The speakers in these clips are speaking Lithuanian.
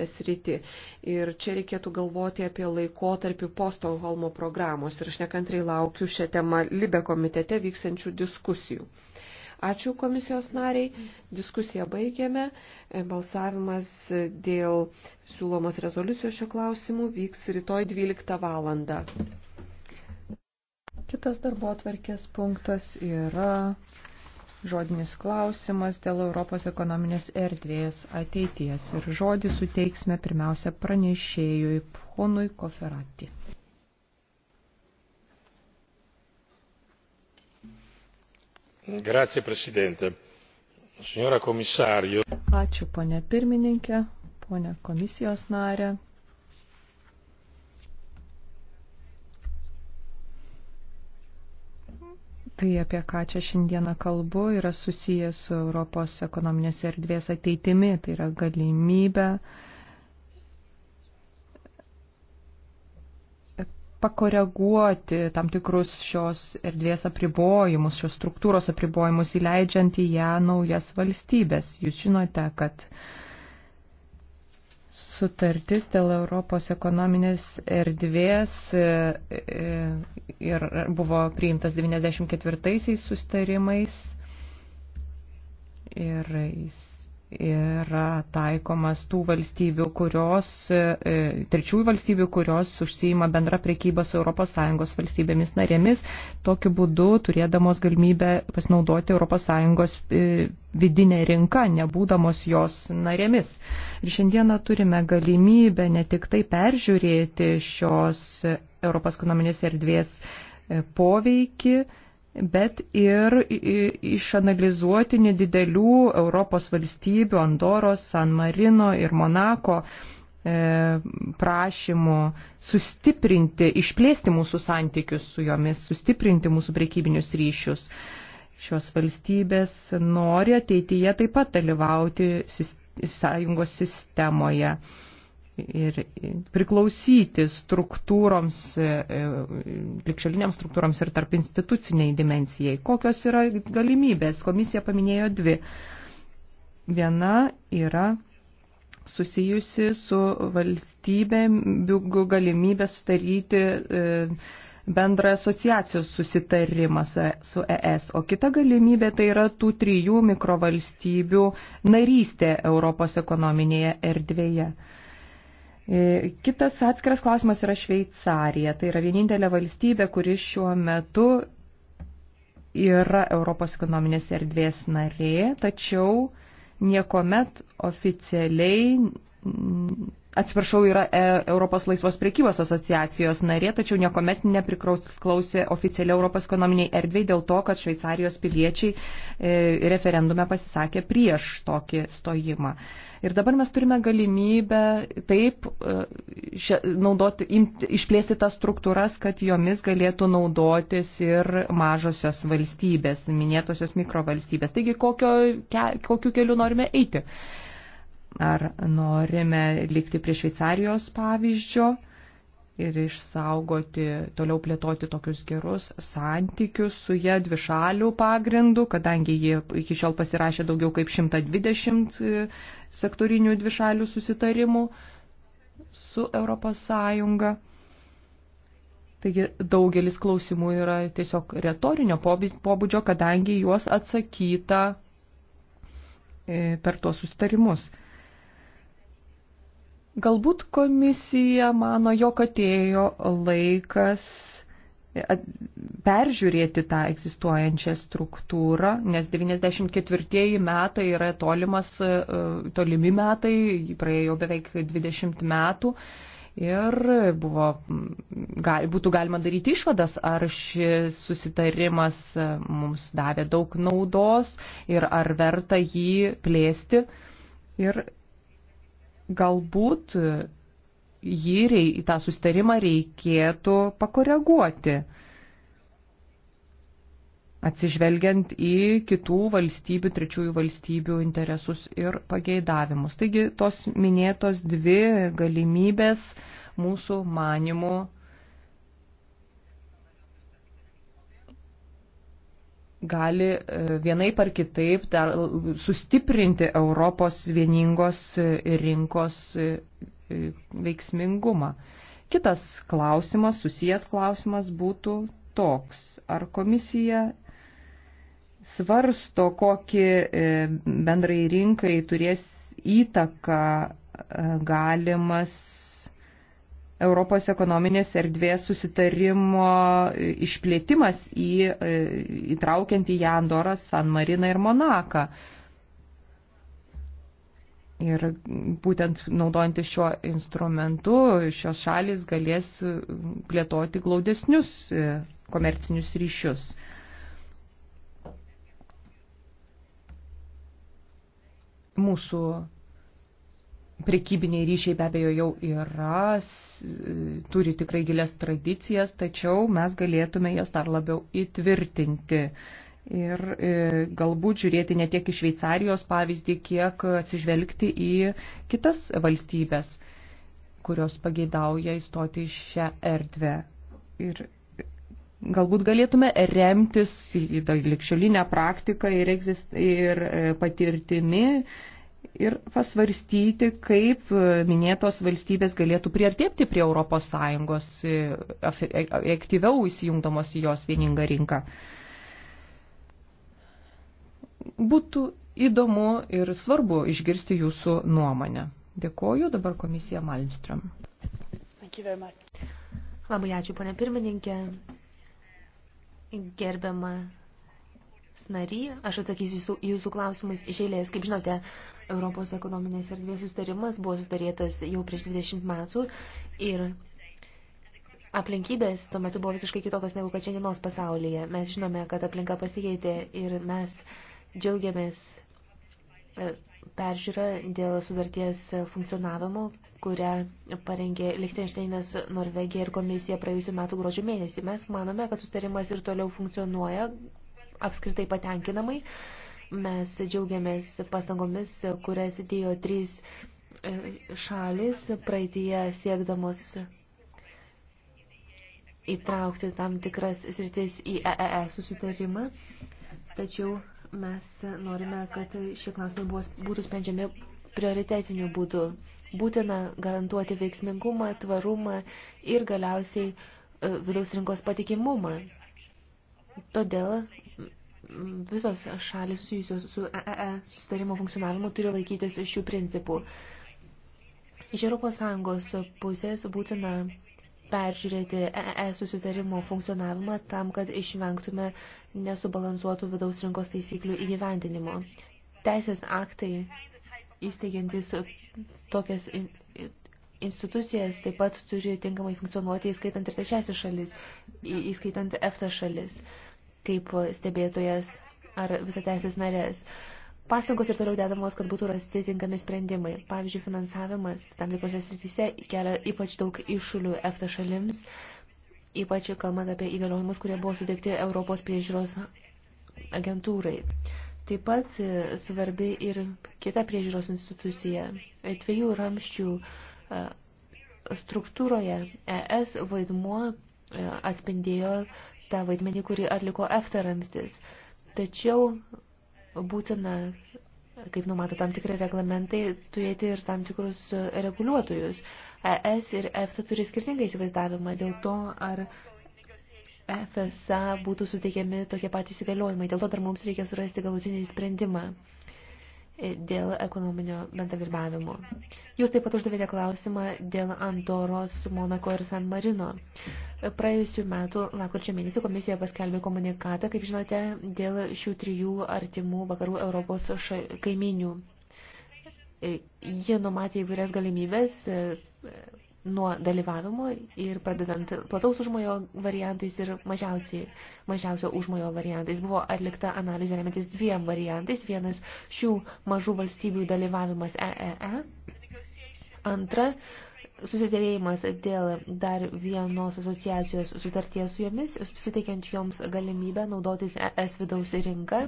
terapijos rytį. Ir čia reikėtų galvoti apie laikotarpį po Stokholmo programos. Ir aš nekantrai laukiu šią temą Libe komitete vykstančių diskusijų. Ačiū komisijos nariai. Diskusiją baigėme. Balsavimas dėl siūlomos rezoliucijos šio klausimų vyks rytoj 12 valandą. Kitas darbo atvarkės punktas yra žodinis klausimas dėl Europos ekonominės erdvės ateities. Ir žodį suteiksime pirmiausia pranešėjui Ponui Koferati. Grazie, Presidente. Signora Komisario. Ačiū, ponė pirmininkė, ponė komisijos narė. Tai, apie ką čia šiandieną kalbu, yra susijęs su Europos ekonominės erdvės ateitimi, tai yra galimybė pakoreguoti tam tikrus šios erdvės apribojimus, šios struktūros apribojimus, įleidžiant į ją naujas valstybės. Jūs žinote, kad uh, sutartis dėl Europos ekonominės erdvės e, e, ir buvo priimtas 94-aisiais sustarimais ir jis yra taikomas tų valstybių, kurios, e, e, trečiųjų valstybių, kurios užsijima bendra prekyba su ES valstybėmis narėmis, tokiu būdu turėdamos galimybę pasinaudoti ES e, vidinę rinką, nebūdamos jos narėmis. Ir šiandieną turime galimybę ne tik tai peržiūrėti šios ES erdvės poveikį, bet ir išanalizuoti nedidelių Europos valstybių, Andoros, San Marino ir Monako e, prašymų sustiprinti, išplėsti mūsų santykius su jomis, sustiprinti mūsų prekybinius ryšius. Šios valstybės nori ateityje taip pat dalyvauti sąjungos sistemoje ir priklausyti struktūroms, likšaliniams e, e, struktūroms ir tarp instituciniai dimencijai. Kokios yra galimybės? Komisija paminėjo dvi. Viena yra susijusi su valstybėm galimybė sudaryti e, bendrą asociacijos susitarimą su ES, o kita galimybė tai yra tų trijų mikrovalstybių narystė Europos ekonominėje erdvėje. E, kitas atskiras klausimas yra Šveicarija. Tai yra vienintelė valstybė, kuri šiuo metu yra Europos ekonominės erdvės narė, tačiau niekuomet oficialiai atsiprašau, yra e, Europos laisvos priekybos asociacijos narė, tačiau niekuomet nepriklausė oficialiai Europos ekonominiai erdvėjai dėl to, kad Šveicarijos piliečiai e, referendume pasisakė prieš tokį stojimą. Ir dabar mes turime galimybę taip e, šia, naudoti, imti, išplėsti tas struktūras, kad jomis galėtų naudotis ir mažosios valstybės, minėtosios mikrovalstybės. Taigi, kokio, ke, kokiu keliu norime eiti? Ar norime likti prie Šveicarijos pavyzdžio ir išsaugoti, toliau plėtoti tokius gerus santykius su jie dvišalių pagrindų, kadangi jie iki šiol pasirašė daugiau kaip 120 e, sektorinių dvišalių susitarimų su ES. Taigi daugelis klausimų yra tiesiog retorinio pobūdžio, kadangi juos atsakyta e, per tuos susitarimus. Galbūt komisija mano, jog atėjo laikas e, peržiūrėti tą egzistuojančią struktūrą, nes 94 metai yra tolimas, e, tolimi metai, praėjo beveik 20 metų ir buvo, gal, būtų galima daryti išvadas, ar šis susitarimas e, mums davė daug naudos ir ar verta jį plėsti. Ir galbūt jį rei, tą sustarimą reikėtų pakoreguoti, atsižvelgiant į kitų valstybių, trečiųjų valstybių interesus ir pageidavimus. Taigi tos minėtos dvi galimybės mūsų manimų gali e, vienaip ar kitaip dar sustiprinti Europos vieningos e, rinkos e, veiksmingumą. Kitas klausimas, susijęs klausimas būtų toks. Ar komisija svarsto, kokį bendrai rinkai turės įtaką galimas Europos ekonominės erdvės susitarimo e, išplėtimas į, e, įtraukiant į ją Andorą, San Mariną ir Monaką. Ir būtent naudojantis šiuo instrumentu, šios šalis galės plėtoti glaudesnius e, komercinius ryšius. Mūsų Prekybiniai ryšiai be abejo jau yra, e, turi tikrai gilės tradicijas, tačiau mes galėtume jas dar labiau įtvirtinti. Ir e, galbūt žiūrėti ne tiek į Šveicarijos pavyzdį, kiek atsižvelgti į kitas valstybės, kurios pageidauja įstoti į šią erdvę. Ir e, galbūt galėtume remtis į likščiolinę praktiką ir, egzist, ir patirtimi ir pasvarstyti, kaip e, minėtos valstybės galėtų priartėti prie ES e, e, aktyviau įsijungdamos į jos vieningą rinką. Būtų įdomu ir svarbu išgirsti jūsų nuomonę. Dėkoju dabar komisija Malmström. Labai ačiū, ponė pirmininkė. Gerbiama snary, aš atsakysiu jūsų, jūsų klausimais iš eilės. Kaip žinote, uh, Europos ekonominės erdvės sustarimas buvo sustarytas jau prieš 20 metų ir aplinkybės tuo metu buvo visiškai kitokios negu kad šiandienos pasaulyje. Mes žinome, kad aplinka pasikeitė ir mes džiaugiamės e, peržiūrą dėl sudarties funkcionavimo, kurią parengė Lichtensteinas, Norvegija ir komisija praėjusiu metu gruodžio mėnesį. Mes manome, kad sustarimas ir toliau funkcionuoja apskritai patenkinamai Mes džiaugiamės pastangomis, kurias įdėjo trys e, šalis praeitie siekdamos įtraukti tam tikras sritis į EEE e e susitarimą, tačiau mes norime, kad šie klausimai būtų sprendžiami prioritetiniu būdu. Būtina garantuoti veiksmingumą, tvarumą ir galiausiai vidaus rinkos patikimumą. Todėl visos šalis susijusios su EEE e e susitarimo funkcionavimu turi laikytis šių principų. Iš ES pusės būtina peržiūrėti EE e susitarimo funkcionavimą tam, kad išvengtume nesubalansuotų vidaus rinkos taisyklių įgyvendinimo. Teisės aktai įsteigiantis tokias institucijas taip pat turi tinkamai funkcionuoti, įskaitant ir trečiasis šalis, įskaitant EFTA šalis kaip stebėtojas ar visateisis narės. Pastangos ir toliau dedamos, kad būtų rasti tinkami sprendimai. Pavyzdžiui, finansavimas tam tikrose srityse kelia ypač daug iššūlių EFTA šalims, ypač kalbant apie įgaliojimus, kurie buvo sudėkti Europos priežiūros agentūrai. Taip pat e, svarbi ir kita priežiūros institucija. E, dviejų ramščių e, struktūroje ES vaidmuo atspindėjo tą vaidmenį, kurį atliko EFTA ramstis. Tačiau būtina, kaip numato tam tikri reglamentai, turėti ir tam tikrus reguliuotojus. ES ir EFTA turi skirtingą įsivaizdavimą dėl to, ar FSA būtų suteikiami tokie patys įgaliojimai. Dėl to dar mums reikia surasti galutinį sprendimą dėl ekonominio bendradarbiavimo. Jūs taip pat uždavėte klausimą dėl Andoros, Monako ir San Marino. Praėjusiu metu, lakurčio mėnesį, komisija paskelbė komunikatą, kaip žinote, dėl šių trijų artimų vakarų Europos ša... kaiminių. Jie numatė įvairias galimybės nuo dalyvavimo ir pradedant plataus užmojo variantais ir mažiausiai, mažiausio užmojo variantais. Buvo atlikta analizė remiantis dviem variantais. Vienas šių mažų valstybių dalyvavimas EEE. E e. Antra, susidėrėjimas dėl dar vienos asociacijos sutarties su jomis, suteikiant joms galimybę naudotis ES vidaus rinką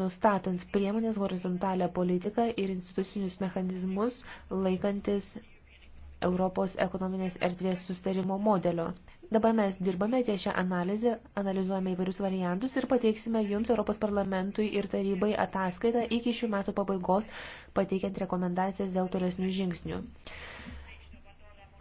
nustatant priemonės horizontalę politiką ir institucinius mechanizmus laikantis Europos ekonominės erdvės sustarimo modelio. Dabar mes dirbame ties šią analizę, analizuojame įvairius variantus ir pateiksime Jums Europos parlamentui ir tarybai ataskaitą iki šių metų pabaigos, pateikiant rekomendacijas dėl tolesnių žingsnių.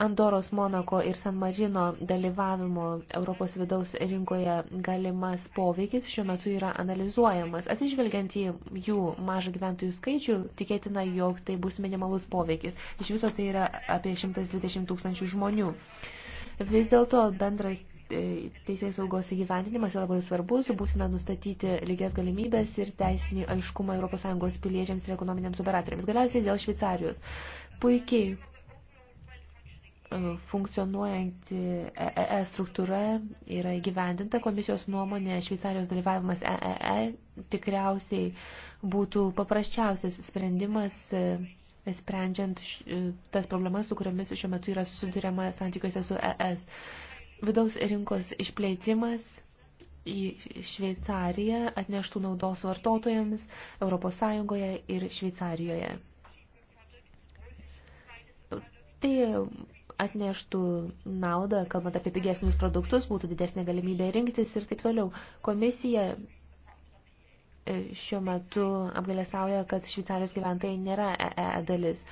Andoros, Monako ir San Marino dalyvavimo Europos vidaus rinkoje galimas poveikis šiuo metu yra analizuojamas. Atsižvelgiant į jų mažą gyventojų skaičių, tikėtina, jog tai bus minimalus poveikis. Iš viso tai yra apie 120 tūkstančių žmonių. Vis dėlto bendras e, teisės saugos įgyventinimas yra labai svarbus, būtina nustatyti lygias galimybės ir teisinį aiškumą ES piliečiams ir ekonominiams operatoriams. Galiausiai dėl Šveicarijos. Puikiai funkcionuojanti EEE e e struktūra yra įgyvendinta. Komisijos nuomonė Šveicarijos dalyvavimas EEE e tikriausiai būtų paprasčiausias sprendimas sprendžiant tas problemas, su kuriomis šiuo metu yra susiduriama santykiuose su ES. Vidaus rinkos išplėtimas į Šveicariją atneštų naudos vartotojams Europos Sąjungoje ir Šveicarijoje. Tai atneštų naudą, kalbant apie pigesnius produktus, būtų didesnė galimybė rinktis ir taip toliau. Komisija e, šiuo metu apgalėsauja, kad Šveicarijos gyventojai nėra EE e dalis.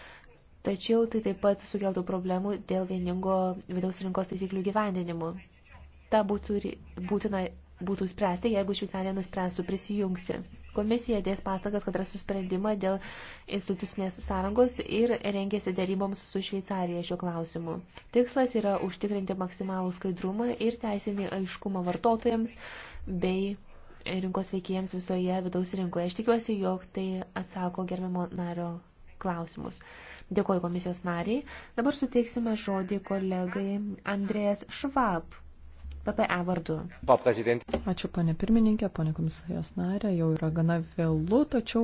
Tačiau tai taip pat sukeltų problemų dėl vieningo vidaus rinkos taisyklių gyvendinimo. Ta būtų, būtina, būtų spręsti, jeigu Šveicarija nuspręstų prisijungti. Komisija dės pastangas, kad rastų sprendimą dėl institucinės sąrangos ir rengėsi deryboms su Šveicarija šiuo klausimu. Tikslas yra užtikrinti maksimalų skaidrumą ir teisinį aiškumą vartotojams bei rinkos veikėjams visoje vidaus rinkoje. Aš tikiuosi, jog tai atsako gerbiamo nario klausimus. Dėkuoju komisijos nariai. Dabar suteiksime žodį kolegai Andrėjas Švab PPE vardu. Ačiū, ponė pirmininkė, ponė komisarijos narė, jau yra gana vėlu, tačiau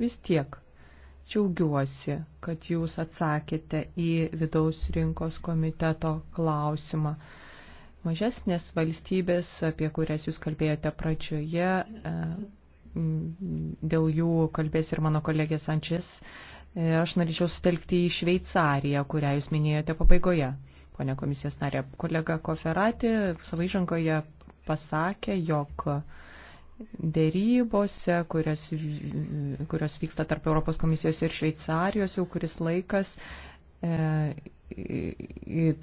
vis tiek džiaugiuosi, kad jūs atsakėte į vidaus rinkos komiteto klausimą. Mažesnės valstybės, apie kurias jūs kalbėjote pradžioje, e, dėl jų kalbės ir mano kolegė Sančis, e, aš norėčiau sutelkti į Šveicariją, kurią jūs minėjote pabaigoje ponia komisijos narė. Kolega Koferati savo įžangoje pasakė, jog dėrybose, kurios, kurios vyksta tarp Europos komisijos ir Šveicarijos jau kuris laikas, e,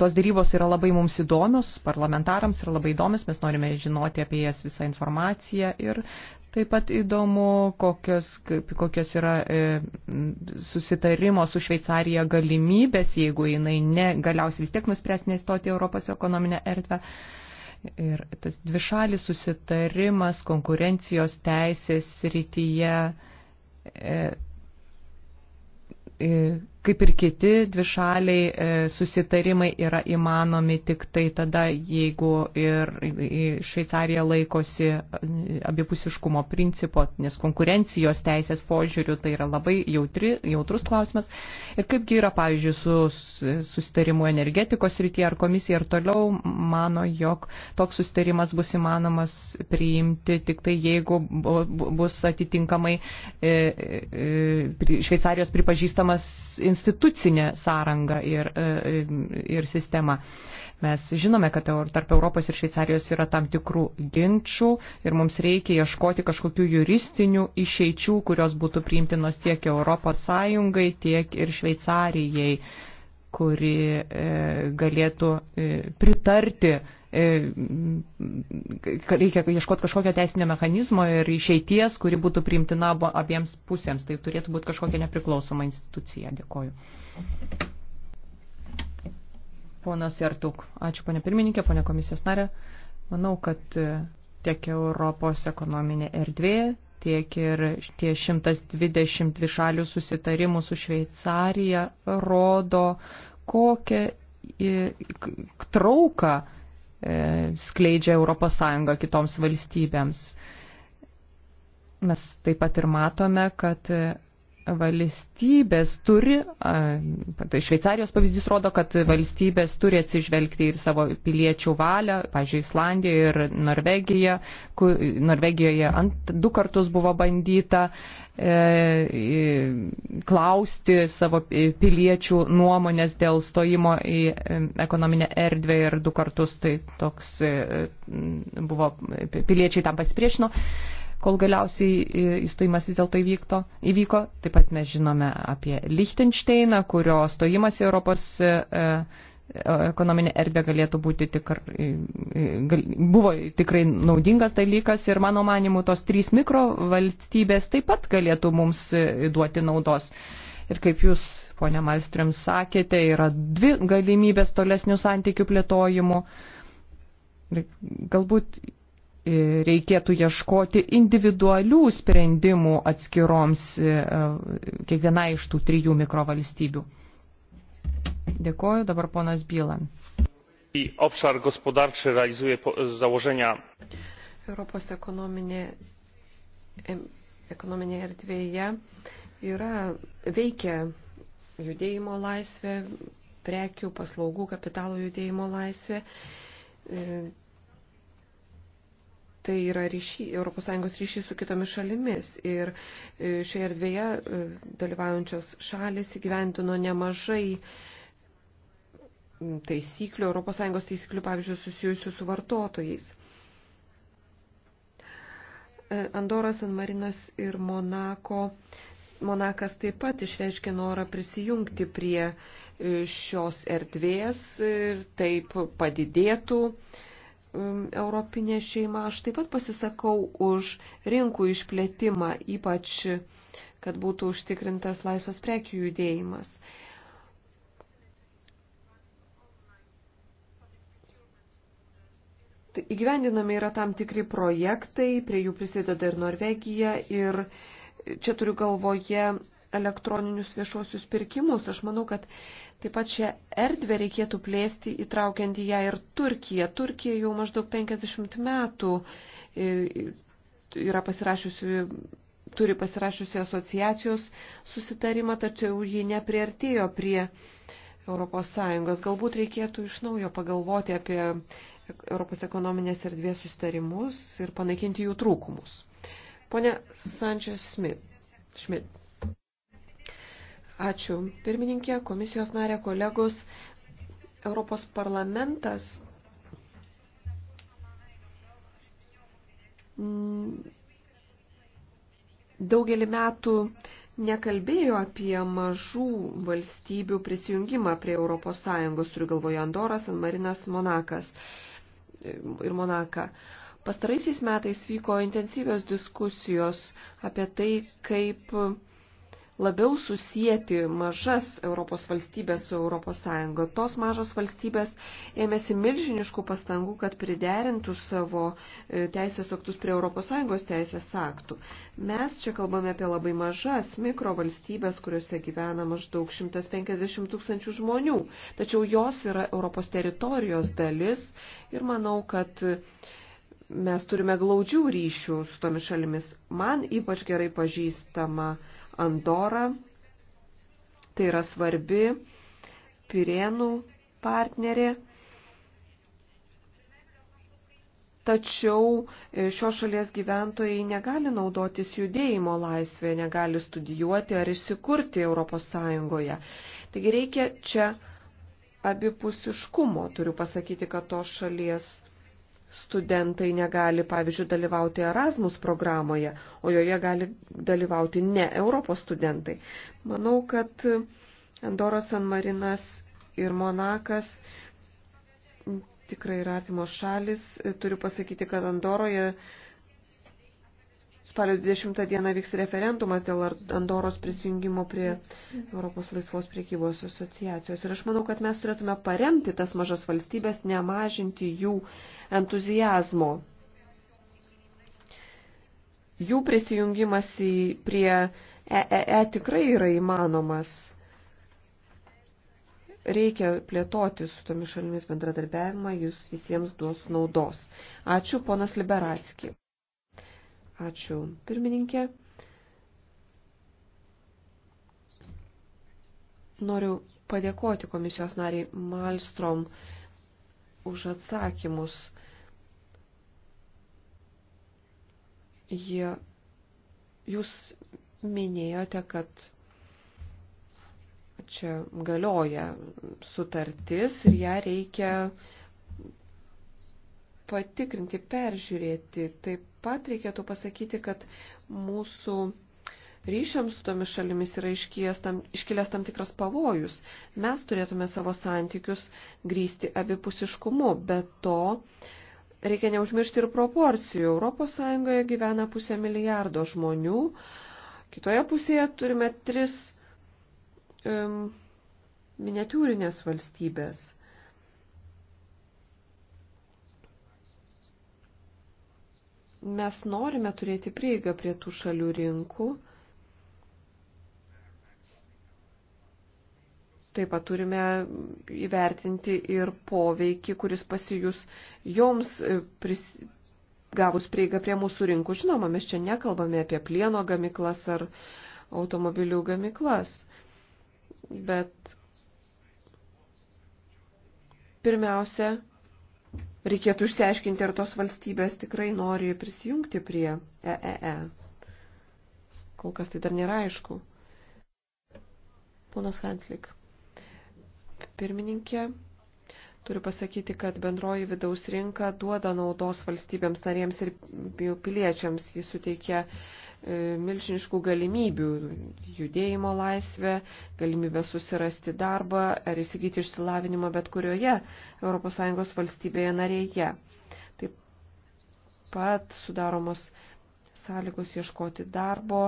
tos dėrybos yra labai mums įdomios, parlamentarams yra labai įdomios, mes norime žinoti apie jas visą informaciją ir Taip pat įdomu, kokios, kokios yra e, susitarimo su Šveicarija galimybės, jeigu jinai ne, galiausiai vis tiek nuspręs neįstoti Europos ekonominę erdvę. Ir tas dvišalis susitarimas konkurencijos teisės rytyje. E, e, kaip ir kiti dvišaliai e, susitarimai yra įmanomi tik tai tada, jeigu ir Šveicarija laikosi e, abipusiškumo principo, nes konkurencijos teisės požiūrių tai yra labai jautri, jautrus klausimas. Ir kaipgi yra, pavyzdžiui, su susitarimu energetikos rytyje, ar komisija ir toliau mano, jog toks susitarimas bus įmanomas priimti tik tai, jeigu bus atitinkamai e, Šveicarijos pripažįstamas institucijos institucinė sąranga ir, e, ir sistema. Mes žinome, kad tarp Europos ir Šveicarijos yra tam tikrų ginčių ir mums reikia ieškoti kažkokių juristinių išeičių, kurios būtų priimtinos tiek Europos Sąjungai, tiek ir Šveicarijai kuri e, galėtų e, pritarti E, reikia ieškoti kažkokio teisinio mechanizmo ir išeities, kuri būtų priimtina abiems pusėms. Tai turėtų būti kažkokia nepriklausoma institucija. Dėkoju. Ponas Jartuk. Ačiū, ponė pirmininkė, ponė komisijos narė. Manau, kad e, tiek Europos ekonominė erdvė, tiek ir tie 122 šalių susitarimų su Šveicarija rodo, kokią trauką E, skleidžia ES kitoms valstybėms. Mes taip pat ir matome, kad valstybės turi, tai Šveicarijos pavyzdys rodo, kad valstybės turi atsižvelgti ir savo piliečių valią, pažiūrėjau, Islandija ir Norvegija, kur, Norvegijoje ant, du kartus buvo bandyta e, klausti savo piliečių nuomonės dėl stojimo į e, ekonominę erdvę ir du kartus tai toks e, buvo, piliečiai tam pasipriešino. E, kol galiausiai e, įstojimas vis dėlto įvykto, įvyko. Taip pat mes žinome apie Lichtensteiną, kurio stojimas į Europos e, e, ekonominė erdvė galėtų būti tikr, gal, buvo tikrai naudingas dalykas ir mano manimu tos trys mikrovalstybės taip pat galėtų mums duoti naudos. Ir kaip jūs, ponia Malstrim, sakėte, yra dvi galimybės tolesnių santykių plėtojimų. Galbūt E, reikėtų ieškoti individualių sprendimų atskiroms e, e, kiekvienai iš tų trijų mikrovalstybių. Dėkoju, dabar ponas Bylan. Obszar gospodarczy realizuje założenia. Europos ekonominė, ekonominė erdvėje yra, veikia judėjimo laisvė, prekių, paslaugų, kapitalo judėjimo laisvė. E, tai yra ryšy, ES ryšys su kitomis šalimis. Ir e, šioje erdvėje e, dalyvaujančios šalis įgyvendino nemažai taisyklių, ES taisyklių, pavyzdžiui, susijusių su vartotojais. E, Andoras, San Marinas ir Monako Monakas taip pat išreiškė norą prisijungti prie šios erdvės ir taip padidėtų Um, europinė šeima. Aš taip pat pasisakau už rinkų išplėtimą, ypač kad būtų užtikrintas laisvas prekių judėjimas. Tai įgyvendinami yra tam tikri projektai, prie jų prisideda ir Norvegija ir čia turiu galvoje elektroninius viešuosius pirkimus. Aš manau, kad taip pat šią erdvę reikėtų plėsti, įtraukiant į ją ir Turkiją. Turkija jau maždaug 50 metų e, yra pasirašiusi turi pasirašiusi asociacijos susitarimą, tačiau ji nepriartėjo prie ES. Galbūt reikėtų iš naujo pagalvoti apie Europos ekonominės erdvės susitarimus ir panaikinti jų trūkumus. Pone Sančias Schmidt. Ačiū. Pirmininkė, komisijos narė, kolegos, Europos parlamentas daugelį metų nekalbėjo apie mažų valstybių prisijungimą prie ES, turiu galvoje Andoras, San Marinas, Monakas ir Monaka. Pastaraisiais metais vyko intensyvios diskusijos apie tai, kaip labiau susijęti mažas Europos valstybės su ES. Tos mažos valstybės ėmėsi milžiniškų pastangų, kad priderintų savo e, teisės aktus prie ES teisės aktų. Mes čia kalbame apie labai mažas mikrovalstybės, kuriuose gyvena maždaug 150 tūkstančių žmonių, tačiau jos yra Europos teritorijos dalis ir manau, kad mes turime glaudžių ryšių su tomis šalimis. Man ypač gerai pažįstama Andorą. Tai yra svarbi Pirėnų partnerė. Tačiau e, šios šalies gyventojai negali naudotis judėjimo laisvė, negali studijuoti ar įsikurti ES. Taigi reikia čia abipusiškumo. Turiu pasakyti, kad tos šalies studentai negali, pavyzdžiui, dalyvauti Erasmus programoje, o joje gali dalyvauti ne Europos studentai. Manau, kad Andoras San Marinas ir Monakas tikrai yra artimos šalis. Turiu pasakyti, kad Andoroje Spalio 20 dieną vyks referendumas dėl Andoros prisijungimo prie Europos laisvos priekybos asociacijos. Ir aš manau, kad mes turėtume paremti tas mažas valstybės, nemažinti jų entuzijazmo. Jų prisijungimas į, prie EEE e e tikrai yra įmanomas reikia plėtoti su tomis šalimis bendradarbiavimą, jis visiems duos naudos. Ačiū, ponas Liberatski. Ačiū pirmininkė. Noriu padėkoti komisijos nariai Malstrom už atsakymus. Jie, jūs minėjote, kad čia galioja sutartis ir ją reikia uh, patikrinti, peržiūrėti. Taip pat reikėtų pasakyti, kad mūsų ryšiams su tomis šalimis yra tam, iškilęs tam tikras pavojus. Mes turėtume savo santykius grįsti abipusiškumu, bet to reikia neužmiršti ir proporcijų. ES gyvena pusę milijardo žmonių, kitoje pusėje turime tris um, miniatūrinės valstybės. Mes norime turėti prieigą prie tų šalių rinkų. Taip pat turime įvertinti ir poveikį, kuris pasijus joms pris, gavus prieigą prie mūsų rinkų. Žinoma, mes čia nekalbame apie plieno gamiklas ar automobilių gamiklas, bet pirmiausia, reikėtų išsiaiškinti, ar tos valstybės tikrai nori prisijungti prie EEE. E e. Kol kas tai dar nėra aišku. Ponas Hanslik. Pirmininkė, turiu pasakyti, kad bendroji vidaus rinka duoda naudos valstybėms narėms ir piliečiams. Jis suteikia uh, E, milžiniškų galimybių - judėjimo laisvę, galimybę susirasti darbą ar įsigyti išsilavinimą bet kurioje ES valstybėje narėje. Taip pat sudaromos sąlygos ieškoti darbo,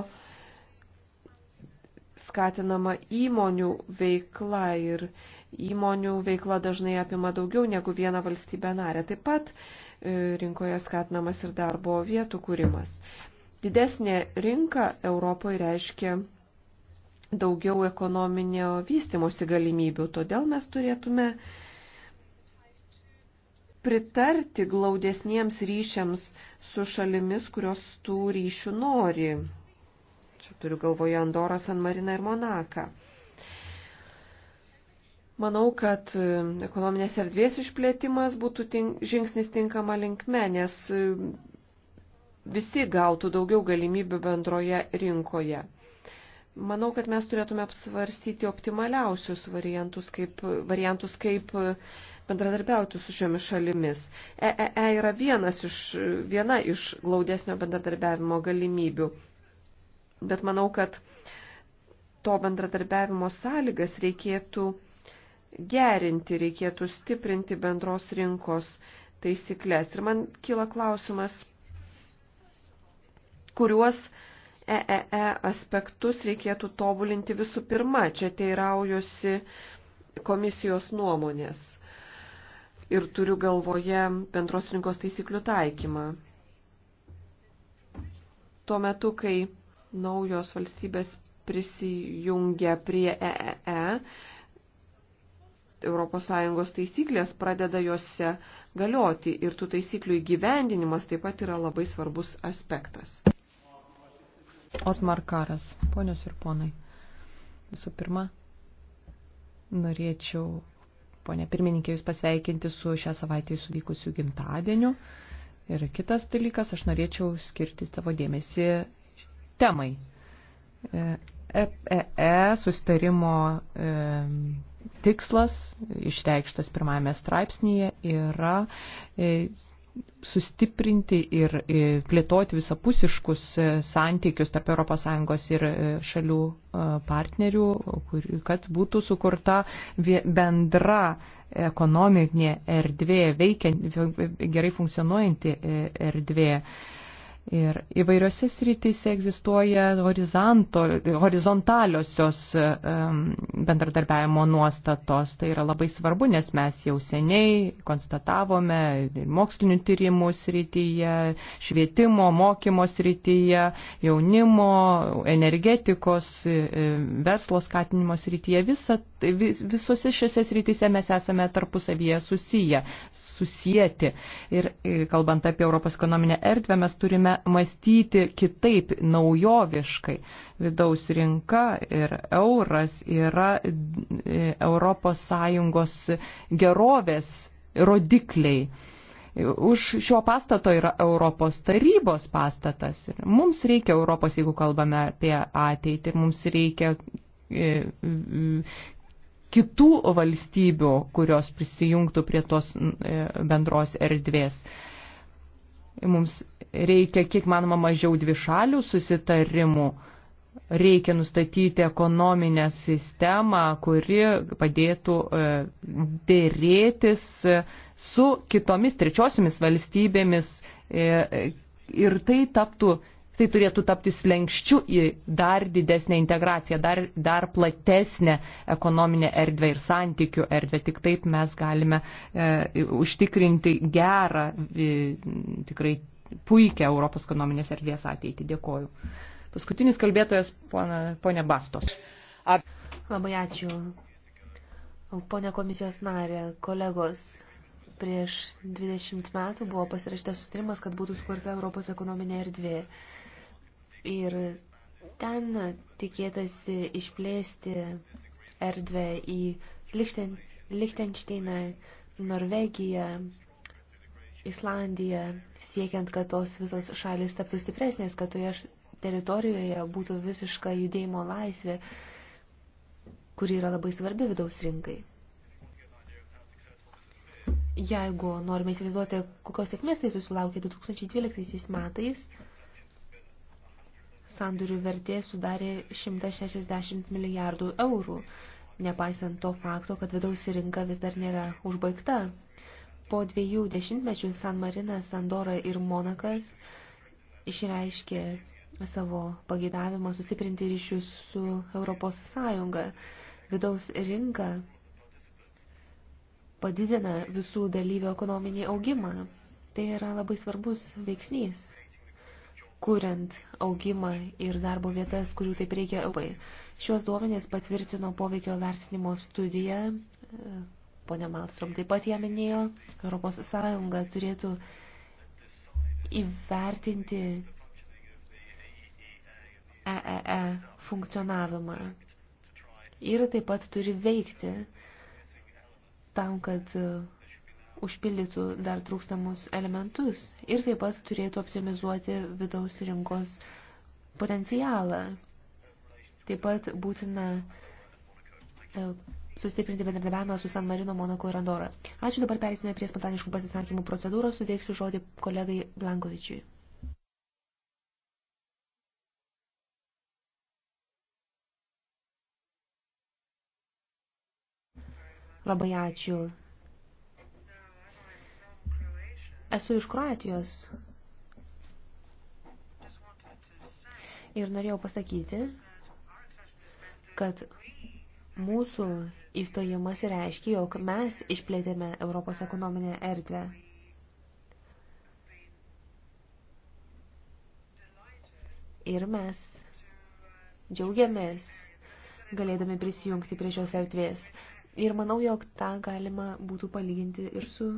skatinama įmonių veikla ir įmonių veikla dažnai apima daugiau negu vieną valstybę narę. Taip pat e, rinkoje skatinamas ir darbo vietų kūrimas. Didesnė rinka Europoje reiškia daugiau ekonominio vystimosi galimybių, todėl mes turėtume pritarti glaudesniems ryšiams su šalimis, kurios tų ryšių nori. Čia turiu galvoje Andorą, San Mariną ir Monaką. Manau, kad ekonominės erdvės išplėtimas būtų tink, žingsnis tinkama linkme, nes visi gautų daugiau galimybių bendroje rinkoje. Manau, kad mes turėtume apsvarstyti optimaliausius variantus, kaip, variantus, kaip bendradarbiauti su šiomis šalimis. EEE e e yra vienas iš, viena iš glaudesnio bendradarbiavimo galimybių. Bet manau, kad to bendradarbiavimo sąlygas reikėtų gerinti, reikėtų stiprinti bendros rinkos taisyklės. Ir man kyla klausimas, kuriuos EEE e e aspektus reikėtų tobulinti visų pirma. Čia teiraujosi komisijos nuomonės ir turiu galvoje bendros rinkos taisyklių taikymą. Tuo metu, kai naujos valstybės prisijungia prie EEE, ES e, taisyklės pradeda juose galioti ir tų taisyklių įgyvendinimas taip pat yra labai svarbus aspektas. Otmar Karas, ponios ir ponai. Visų pirma, norėčiau, ponia pirmininkė, jūs pasveikinti su šią savaitę įsuvykusiu gimtadieniu. Ir kitas dalykas, aš norėčiau skirti savo dėmesį temai. EPE e sustarimo e, tikslas, išreikštas pirmajame straipsnėje, yra e, sustiprinti ir e, plėtoti visapusiškus e, santykius tarp ES ir e, šalių partnerių, kad būtų sukurta bendra ekonominė erdvė, veikiant, gerai funkcionuojanti erdvė Ir įvairiose srityse egzistuoja horizontaliosios bendradarbiavimo nuostatos. Tai yra labai svarbu, nes mes jau seniai konstatavome mokslinių tyrimų srityje, švietimo, mokymo srityje, jaunimo, energetikos, verslo skatinimo srityje. Visa, vis, visose šiose srityse mes esame tarpusavyje susiję, susijęti. Ir e, kalbant apie Europos ekonominę erdvę, mes turime turime mąstyti kitaip, naujoviškai. Vidaus rinka ir euras yra ES gerovės rodikliai. Už šio pastato yra Europos tarybos pastatas. Ir mums reikia Europos, jeigu kalbame apie ateitį, mums reikia e, kitų valstybių, kurios prisijungtų prie tos e, bendros erdvės. Mums reikia kiek manoma mažiau dvišalių susitarimų. Reikia nustatyti ekonominę sistemą, kuri padėtų e, dėrėtis e, su kitomis trečiosiomis valstybėmis e, ir tai taptų tai turėtų tapti slengščiu į dar didesnę integraciją, dar, dar platesnę ekonominę erdvę ir santykių erdvę. Tik taip mes galime e, užtikrinti gerą, e, tikrai puikią Europos ekonominės erdvės ateitį. Dėkoju. Paskutinis kalbėtojas, ponė Bastos. Labai ačiū. Pone komisijos narė, kolegos, prieš 20 metų buvo pasirašytas sustarimas, kad būtų sukurta Europos ekonominė erdvė. Ir ten tikėtasi išplėsti erdvę į Lichten, Lichtensteiną, Norvegiją, Islandiją, siekiant, kad tos visos šalis taptų stipresnės, kad toje teritorijoje būtų visiška judėjimo laisvė, kuri yra labai svarbi vidaus rinkai. Jeigu norime įsivaizduoti, kokios sėkmės tai susilaukė 2012 metais, sandorių vertė sudarė 160 milijardų eurų, nepaisant to fakto, kad vidaus rinka vis dar nėra užbaigta. Po dviejų dešimtmečių San Marinas, Andora ir Monakas išreiškė savo pagėdavimą sustiprinti ryšius su Europos Sąjunga. Vidaus rinka padidina visų dalyvių ekonominį augimą. Tai yra labai svarbus veiksnys kuriant augimą ir darbo vietas, kurių taip reikia Europai. Šios duomenys patvirtino poveikio vertinimo studiją, e, ponia Malstrom taip pat ją minėjo, Europos Sąjunga turėtų įvertinti EEE e e funkcionavimą ir taip pat turi veikti tam, kad užpildytų dar trūkstamus elementus ir taip pat turėtų optimizuoti vidaus rinkos potencialą. Taip pat būtina e, sustiprinti bendradarbiavimą su San Marino, Monako ir Andorą. Ačiū, dabar perėsime prie spontaniškų pasisakymų procedūros, suteiksiu žodį kolegai Blankovičiui. Labai ačiū. Esu iš Kroatijos. Ir norėjau pasakyti, kad mūsų įstojimas reiškia, jog mes išplėtėme Europos ekonominę erdvę. Ir mes džiaugiamės galėdami prisijungti prie šios erdvės. Ir manau, jog tą galima būtų palyginti ir su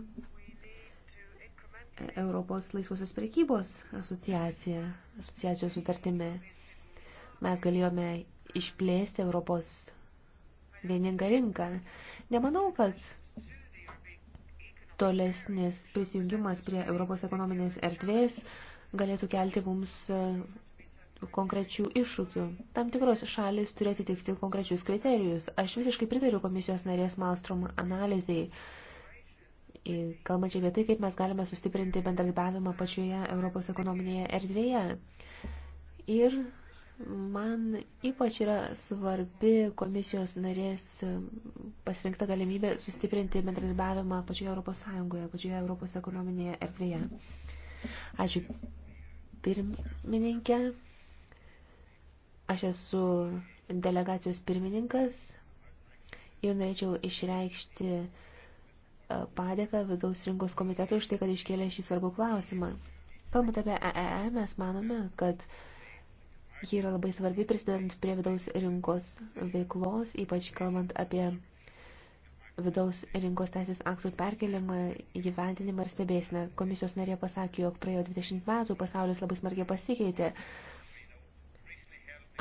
Europos laisvosios prekybos asociacija, asociacijos sutartime. Mes galėjome išplėsti Europos vieningą rinką. Nemanau, kad tolesnis prisijungimas prie Europos ekonominės erdvės galėtų kelti mums e, konkrečių iššūkių. Tam tikros šalis turi atitikti konkrečius kriterijus. Aš visiškai pritariu komisijos narės Malstrom analizai kalbant apie tai, kaip mes galime sustiprinti bendradarbiavimą pačioje Europos ekonominėje erdvėje. Ir man ypač yra svarbi komisijos narės pasirinkta galimybė sustiprinti bendradarbiavimą pačioje Europos Sąjungoje, pačioje Europos ekonominėje erdvėje. Ačiū pirmininkė. Aš esu delegacijos pirmininkas ir norėčiau išreikšti E, padėką vidaus rinkos komitetui už tai, kad iškėlė šį svarbų klausimą. Kalbant apie EEE, e e, mes manome, kad ji yra labai svarbi prisidedant prie vidaus rinkos veiklos, ypač kalbant apie vidaus rinkos teisės aktų perkelimą, gyventinimą ir stebėsime. Komisijos narė pasakė, jog praėjo 20 metų, pasaulis labai smarkiai pasikeitė.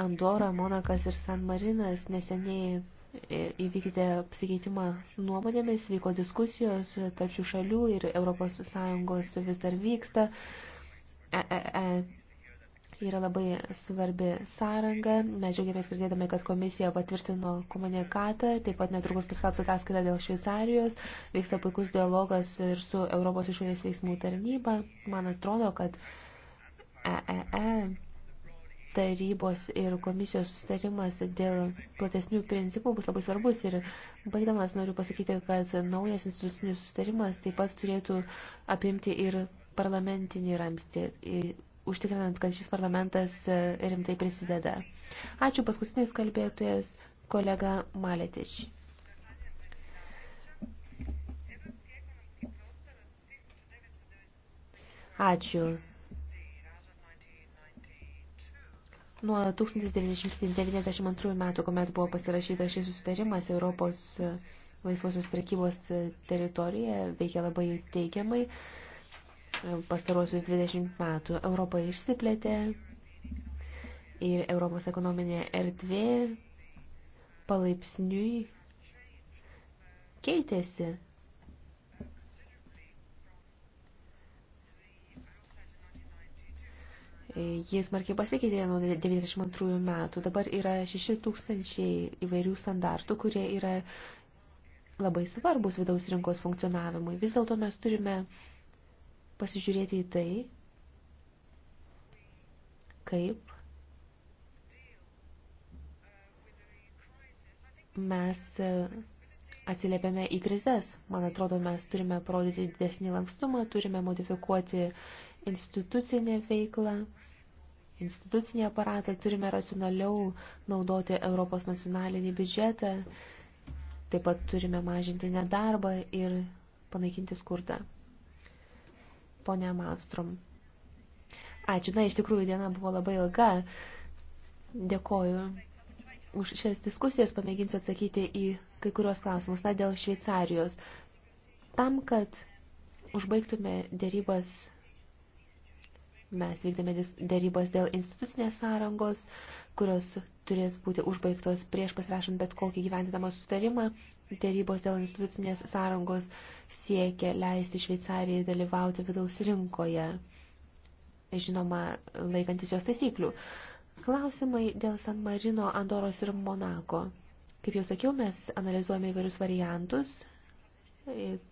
Andora, Monakas ir San Marinas neseniai įvykdė apsikeitimą nuomonėmis, vyko diskusijos tarp šių šalių ir Europos Sąjungos vis dar vyksta. E, e, e. Yra labai svarbi sąranga. Mes džiaugiamės girdėdami, kad komisija patvirtino komunikatą, taip pat netrukus paskelbs ataskaitą dėl Šveicarijos, vyksta puikus dialogas ir su Europos išorės veiksmų tarnyba. Man atrodo, kad EEE e, e tarybos ir komisijos sustarimas dėl platesnių principų bus labai svarbus. Ir baigdamas noriu pasakyti, kad naujas institucinis sustarimas taip pat turėtų apimti ir parlamentinį ramstį, užtikrinant, kad šis parlamentas e, rimtai prisideda. Ačiū paskutinis kalbėtojas kolega Maletič. Ačiū. Nuo 1992 metų, kuomet buvo pasirašytas šis susitarimas, Europos e, laisvosios prekybos e, teritorija veikia labai teigiamai. E, Pastaruosius 20 metų Europa išsiplėtė ir Europos ekonominė erdvė palaipsniui keitėsi. Jis markiai pasikeitė nuo 92 metų. Dabar yra 6000 įvairių standartų, kurie yra labai svarbus vidaus rinkos funkcionavimui. Vis dėlto mes turime pasižiūrėti į tai, kaip mes e, atsiliepiame į krizes. Man atrodo, mes turime parodyti didesnį lankstumą, turime modifikuoti institucinę veiklą institucinį aparatą, turime racionaliau naudoti Europos nacionalinį biudžetą, taip pat turime mažinti nedarbą ir panaikinti skurdą. Pone Malstrom. Ačiū, na, iš tikrųjų diena buvo labai ilga. Dėkoju už šias diskusijas, pamėginsiu atsakyti į kai kurios klausimus, na, dėl Šveicarijos. Tam, kad užbaigtume dėrybas Mes vykdame darybas dėl institucinės sąrangos, kurios turės būti užbaigtos prieš pasirašant bet kokį gyventinamą sustarimą. Darybos dėl institucinės sąrangos siekia leisti Šveicarijai dalyvauti vidaus rinkoje, žinoma, laikantis jos taisyklių. Klausimai dėl San Marino, Andoros ir Monako. Kaip jau sakiau, mes analizuojame įvairius variantus,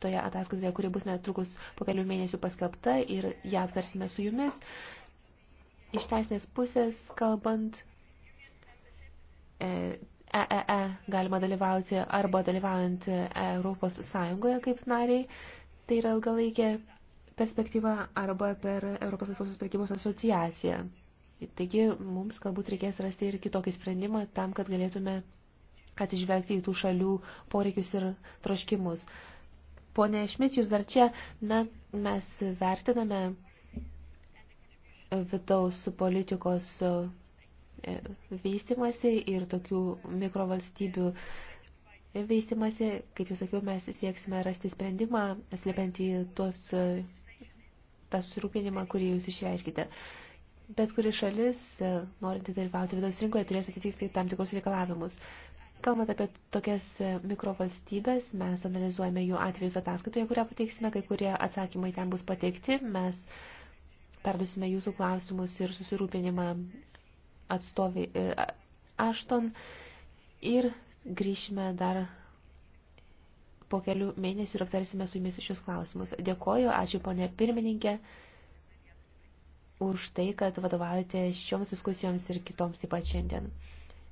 toje ataskaitoje, kuri bus netrukus po kelių mėnesių paskelbta ir ją aptarsime su jumis. Iš teisinės pusės kalbant, EEE e e e galima dalyvauti arba dalyvaujant Europos Sąjungoje kaip nariai, tai yra ilgalaikė perspektyva arba per Europos laisvosios prekybos asociaciją. Taigi mums galbūt reikės rasti ir kitokį sprendimą tam, kad galėtume atsižvelgti į tų šalių poreikius ir troškimus. Pone Šmit, jūs dar čia, na, mes vertiname vidaus politikos e, vystimasi ir tokių mikrovalstybių e, vystimasi. Kaip jūs sakiau, mes sieksime rasti sprendimą, slėpiant į tuos, e, tą susirūpinimą, kurį jūs išreiškite. Bet kuri šalis, norinti dalyvauti vidaus rinkoje, turės atitikti tam tikrus reikalavimus. Kalbant apie tokias mikrovalstybės, mes analizuojame jų atvejus ataskaitoje, kurią pateiksime, kai kurie atsakymai ten bus pateikti, mes perdusime jūsų klausimus ir susirūpinimą atstovį e, Ašton ir grįšime dar po kelių mėnesių ir aptarsime su jumis šios klausimus. Dėkoju, ačiū ponė pirmininkė už tai, kad vadovaujate šioms diskusijoms ir kitoms taip pat šiandien.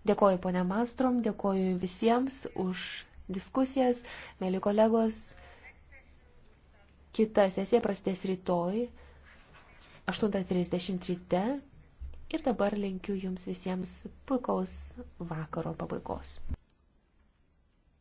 Dėkoju ponė Mastrom, dėkoju visiems už diskusijas, mėly kolegos. Kita sesija prasidės rytoj 8.30 ryte ir dabar linkiu jums visiems puikaus vakaro pabaigos.